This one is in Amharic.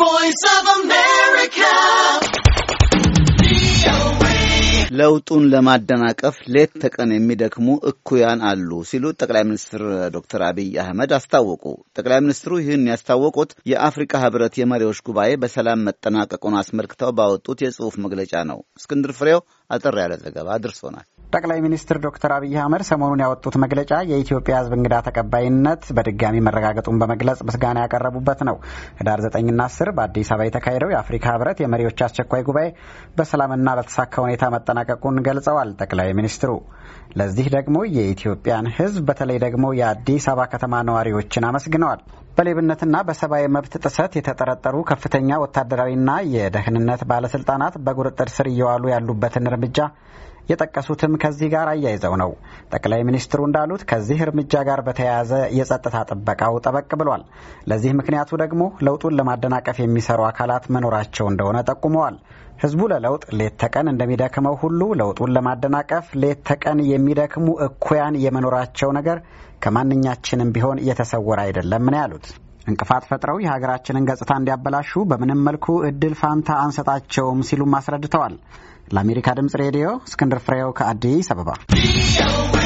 voice of America. ለውጡን ለማደናቀፍ ሌት ተቀን የሚደክሙ እኩያን አሉ ሲሉ ጠቅላይ ሚኒስትር ዶክተር አብይ አህመድ አስታወቁ። ጠቅላይ ሚኒስትሩ ይህን ያስታወቁት የአፍሪካ ህብረት የመሪዎች ጉባኤ በሰላም መጠናቀቁን አስመልክተው ባወጡት የጽሑፍ መግለጫ ነው። እስክንድር ፍሬው አጠር ያለ ዘገባ አድርሶናል። ጠቅላይ ሚኒስትር ዶክተር አብይ አህመድ ሰሞኑን ያወጡት መግለጫ የኢትዮጵያ ሕዝብ እንግዳ ተቀባይነት በድጋሚ መረጋገጡን በመግለጽ ምስጋና ያቀረቡበት ነው። ህዳር ዘጠኝና አስር በአዲስ አበባ የተካሄደው የአፍሪካ ህብረት የመሪዎች አስቸኳይ ጉባኤ በሰላምና በተሳካ ሁኔታ መጠናቀቁን ገልጸዋል ጠቅላይ ሚኒስትሩ። ለዚህ ደግሞ የኢትዮጵያን ሕዝብ በተለይ ደግሞ የአዲስ አበባ ከተማ ነዋሪዎችን አመስግነዋል። በሌብነትና በሰብአዊ መብት ጥሰት የተጠረጠሩ ከፍተኛ ወታደራዊና የደህንነት ባለስልጣናት በቁጥጥር ስር እየዋሉ ያሉበትን እርምጃ የጠቀሱትም ከዚህ ጋር አያይዘው ነው። ጠቅላይ ሚኒስትሩ እንዳሉት ከዚህ እርምጃ ጋር በተያያዘ የጸጥታ ጥበቃው ጠበቅ ብሏል። ለዚህ ምክንያቱ ደግሞ ለውጡን ለማደናቀፍ የሚሰሩ አካላት መኖራቸው እንደሆነ ጠቁመዋል። ህዝቡ ለለውጥ ሌት ተቀን እንደሚደክመው ሁሉ ለውጡን ለማደናቀፍ ሌት ተቀን የሚደክሙ እኩያን የመኖራቸው ነገር ከማንኛችንም ቢሆን እየተሰወረ አይደለም ነው ያሉት። እንቅፋት ፈጥረው የሀገራችንን ገጽታ እንዲያበላሹ በምንም መልኩ እድል ፋንታ አንሰጣቸውም ሲሉም አስረድተዋል። ለአሜሪካ ድምፅ ሬዲዮ እስክንድር ፍሬው ከአዲስ አበባ